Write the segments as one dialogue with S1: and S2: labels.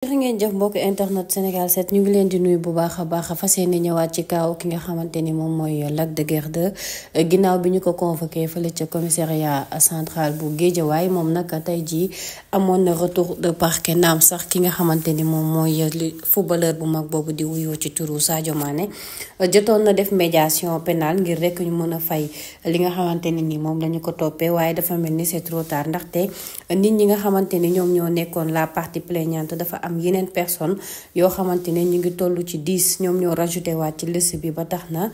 S1: jërë ngeen jëf mbokk internet Sénégal 7 ñu ngi leen di nuyu bu baax a baax fas yéene ñëwaat ci kaw ki nga xamante ni moom mooy Lac de Guiers 2 ginnaaw bi ñu ko convoqué fële ca commissariat central bu waaye moom nag tey jii amoon na retour de parquet naam sax ki nga xamante ni moom mooy footballeur bu mag boobu di wuyoo ci turu Sadio Mané jotoon na def médiation pénale ngir rek ñu mën a fay li nga xamante ne nii moom lañu ko toppee waaye dafa mel ni c'est trop tard nit ñi nga xamante ni ñoom ñoo nekkoon la partie plaignante dafa am yeneen personne yoo xamante ne ñu ngi tollu ci diis ñoom ñoo rajouté waat ci liste bi ba tax na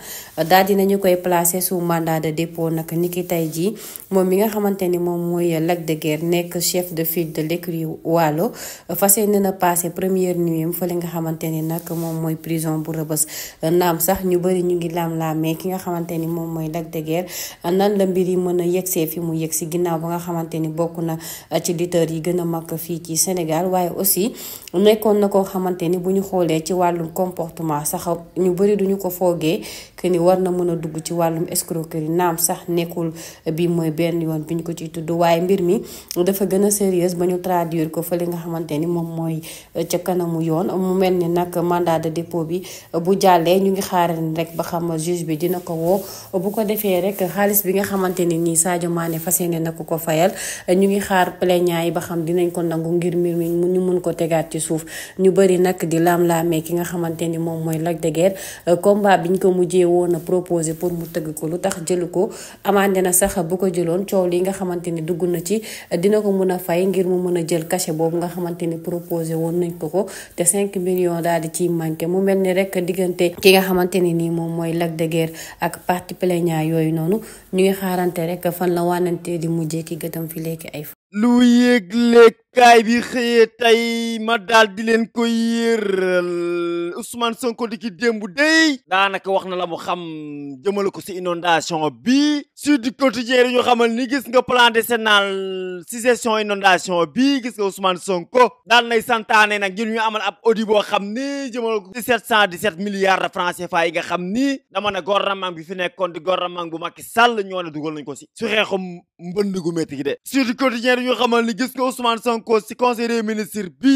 S1: daal dinañu koy placé sous mandat de dépôt nag ni ki tey jii moom mi nga xamante ni moom mooy Lac de nekk chef de file de l'écurie Waalo fas yéene na passé première nuit am fële nga xamante ni nag moom mooy prison bu rëbës naam sax ñu bëri ñu ngi laam-laamee ki nga xamante ni moom mooy Lac de Guiers nan la mbir yi mën a yegsee fi mu yegg si ginnaaw ba nga xamante ni bokk na ci lutteurs yi gën a mag fii ci Sénégal waaye aussi nekkoon na ko xamante ni bu ñu xoolee ci wàllum comportement sax ñu bëri duñu ko foogee que ni war na mën a dugg ci wàllum escroquerie naam sax nekkul bii mooy benn yoon bi ñu ko ciy tudd waaye mbir mi dafa gën a sérieux ba ñu traduire ko fa li nga xamante ni moom mooy euh, ca kanamu yoon mu mel ni nag mandat de bi euh, bu jàllee ñu ngi xaaran rek ba xam juge bi dina ko woo bu ko defee rek xaalis bi nga xamante ni nii Sadio Mané fas yéene na ko ko fayal euh, ñu ngi xaar plaignant yi ba xam dinañ ko nangu ngir mbir mi ñu mun ko tegaat ci suuf ñu bëri nag di laam ki nga xamante ni moom mooy Lac ko mujjee woon a pour mu tëgg ko lu tax jëlu ko amande na sax bu ko jëloon coow li nga xamante ni dugg na ci dina ko mun a fay ngir mu mën a jël cachet boobu nga xamante ni proposé woon nañ ko ko te 5 millions daal di ciy manqué mu mel ni rek diggante ki nga xamante ni nii moom mooy lag de ak parti plaignant yooyu noonu ñu ngi xaarante rek fan la wànnante di mujjee ki gëtam fi léegi ay.
S2: lu yëg léeg kaay bi xëyee ma daal di leen ko yéeral Ousmane Sonko di ki démb day daanaka wax na la mu xam jëmale ko si inondation bi Sud du Quotidien ñu xamal ni gis nga plan décennal si gestion inondation bi gis nga Ousmane Sonko daal nay santaane nag ngir ñu amal ab audit boo xam ni jëmale ko si 717 milliards de francs CFA yi nga xam ni dama ne gouvernement bi fi nekkoon di gouvernement bu Macky Sall ñoo ne dugal nañ ko si su xeexum mbënd gu métti gi de Sud du Quotidien cause ci conseil des bi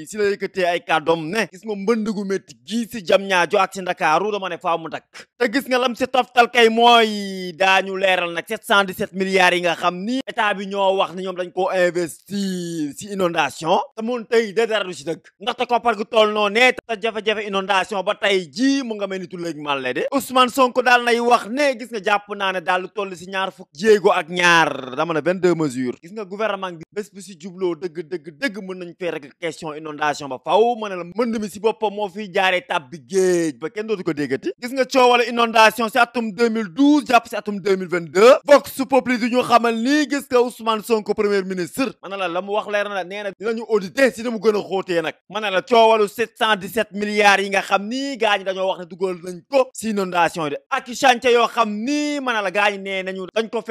S2: yi si la yëkkatee ay kàddoom ne gis nga mbënd gu métti gii si jam ñaajo ak si ndakaaru dama ne faa mu dakk te gis nga lam si yi nga xam ni état bi ñoo wax ne ñoom dañ koo investir si inondation te mun tey de dara du si dëgg ndaxte koppar gu toll noo ne te jafe-jafe inondation tey ji mu nga mel ni tulleeg màlle de Ousmane Sonko daal nay wax ne gis nga jàpp naa ne daal lu toll si ñaar fukk jéego ak ñaar dama ne 22 gis nga gouvernement bi bés bu si jubloo dëgg dëgg dëgg mën na fee rek question inondation ba a la mënd mi si boppam moo fiy jaaree tab bi géej ba kenn dootu ko gis nga coowala inondation si atum 2012 jàpp si atum 2022 vox populi di ñu xamal nii gis nga Ousmane Sonko premier ministre mën la la mu wax leer na la nee na dinañu si na mu gën a xóotee nag mën na la coowalu 717 milliards yi nga xam nii gaa ñi dañoo wax ne dugal nañ ko si inondation de ak chantier yoo xam nii mën la gaa ñi nee dañ ko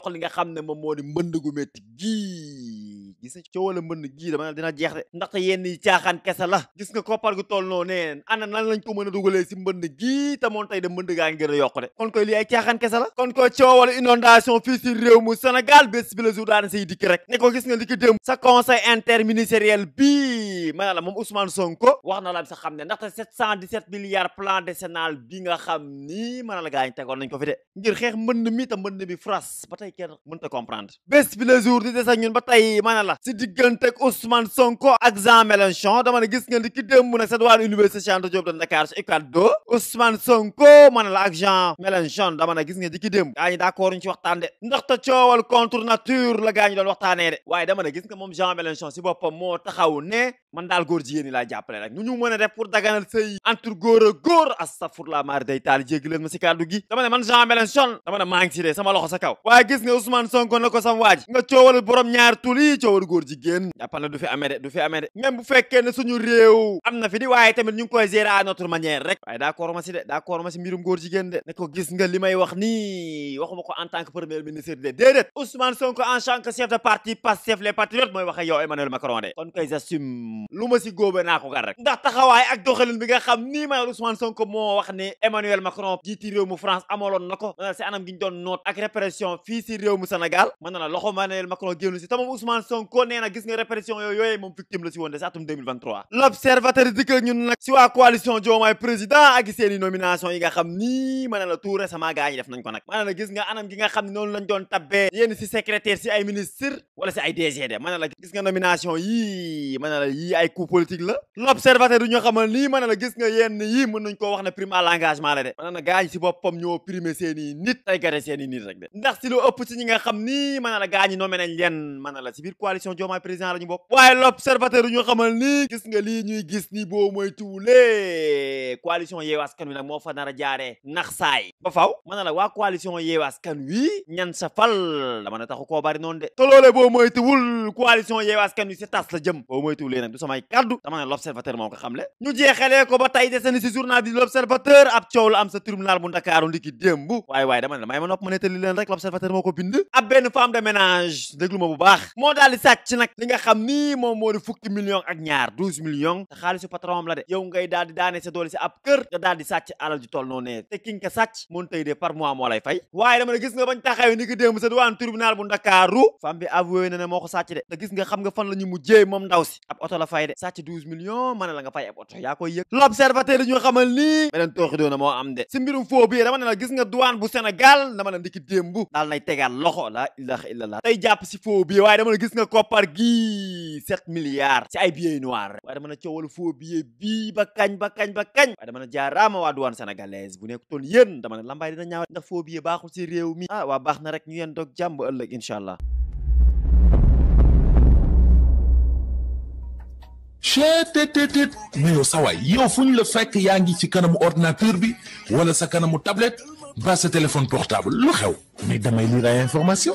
S2: a li nga xam ne moom moo di mbënd gu métti gii gis nga coow wala mbënd gii dama dina jeex de ndaxte yenn yi caaxaan kese la gis nga koppar gu toll noo neen ana nan lañ ko mën a dugalee si mbënd gii te moom tey de mbënd gaa ngi gën a yokku de kon koy lii ay caaxaan kese la kon koy coow wala inondation fii si réew mu Sénégal bés bi la jour daana say dikk rek ne ko gis nga li ko démb sa conseil interministériel bii ma ne la moom Ousmane Sonko wax na laa sax xam ne ndaxte 717 milliards plan décennal bi nga xam ni mën a tegoon nañ ko fi de ngir xeex mbënd mi te mbënd mi France ba tey kenn mënta comprendre bés bi le di des ba tey mën a la si digganteeg Ousmane Sonko ak Jean Mélenchon dama ne gis nga ni ki démb nag sa duwaan université Cheikh Anta Diop de Dakar ci UCAD Ousmane Sonko man la ak Jean Mélenchon dama na gis nga jikki démb gaa ñi d'accord ñu ci waxtaan de ndaxte coowal contre nature la gaa ñi doon waxtaanee de waaye dama gis nga moom Jean Mélenchon si boppam moo taxaw ne man daal góor jigéen laa jàppale nu ñu mën a def daganal sëy entre góor a góor astafurla maar day taal jéggi ma si kàddu gi dama ne man Jean Mélenchon dama ne maa de sama loxo kaw waaye gis nga Ousmane Sonko na ko sam waaj d'accord ma si de d'accord ma si mbirum góor jigéen de ne ko gis nga li may wax nii waxuma ko en tant que premier ministre de déedéet Ousmane Sonko en tant que chef de parti Pastef les patriotes mooy wax ak yow Emmanuel Macron de kon koy j'assume lu ma si góobe naa ko gar rek ndax taxawaay ak doxalin bi nga xam nii may Ousmane Sonko moo wax ne Emmanuel Macron jiiti réew mu France amaloon na ko euh, si anam gi ñu doon noot ak répression fii si réew mu Sénégal mën na la loxo Emmanuel Macron génnu si te moom Ousmane Sonko nee na gis nga répression yooyu yooyee moom victime la si woon de si atum 2023 l'observateur dikk ñun nag si waa coalition Diomaye président ak ci nomination yi nga xam ni ma ne la tout récemment gars yi def nañ ko nag la gis nga anam gi nga xam ne noonu la gis ay coup politique la l'observateur yi ñu xamal nii ma la gis nga yenn yii la si boppam ñoo primé seen président la ñu bokk waaye l'observateur yi ñu xamal nii gis nga lii ñuy gis ni boo mooy coalition yeew yeewu askan wi nag moo fa nar a jaaree nax saay ba faaw mën na la waa coalition yeewu askan wi ñan sa fal dama ne taxu koo bari noonu de te loolee boo moytuwul coalition yeewu askan wi si tas la jëm boo moytuwulee nag du samay kaddu dama ne l'observateur moo ko xamle ñu jeexalee ko ba tey deseni si journal bi l'observateur ab coow la am sa tribunal bu ndakaaru ndiki démb waaye waaye dama ne la may ma nopp ma nettali leen rek l'observateur moo ko bind ab benn femme de ménage déglu ma bu baax moo daal di sàcc nag li nga xam ni moom moo di fukki millions ak ñaar douze millions te xaalisu patron am la de yow ngay daal di daane sa doole si ab kër daal di sàcc alal ju toll noonu ne te ki nga ko sàcc mun tey de par mois moo lay fay waaye dama ne gis nga bañ taxawee ni ki démb sa diwaan tribunal bu ndakaaru femme bi avoué na ne moo ko de te gis nga xam nga fan la ñu mujjee moom ndaw si ab oto fay de sàcc douze millions ma ne la fay ab oto yaa koy yëg l'observateur ñu xamal nii beneen tooxi doona moo am de si mbirum foo bi dama ne gis nga douane bu Sénégal dama ne ndiki démb daal nay jaaraama waa douane sénégalaise bu nekkutoon yéen dama ne lambaay dina ñaaw ndax foo baaxul si réew mi ah waa baax na rek ñu yeen doog jàmm ëllëg incha allah chetttt mais yow sawaay yow fu ñu la fekk yaa ngi ci kanamu ordinateur bi wala sa kanamu tablette ba sa téléphone portable lu xew damay lire ay information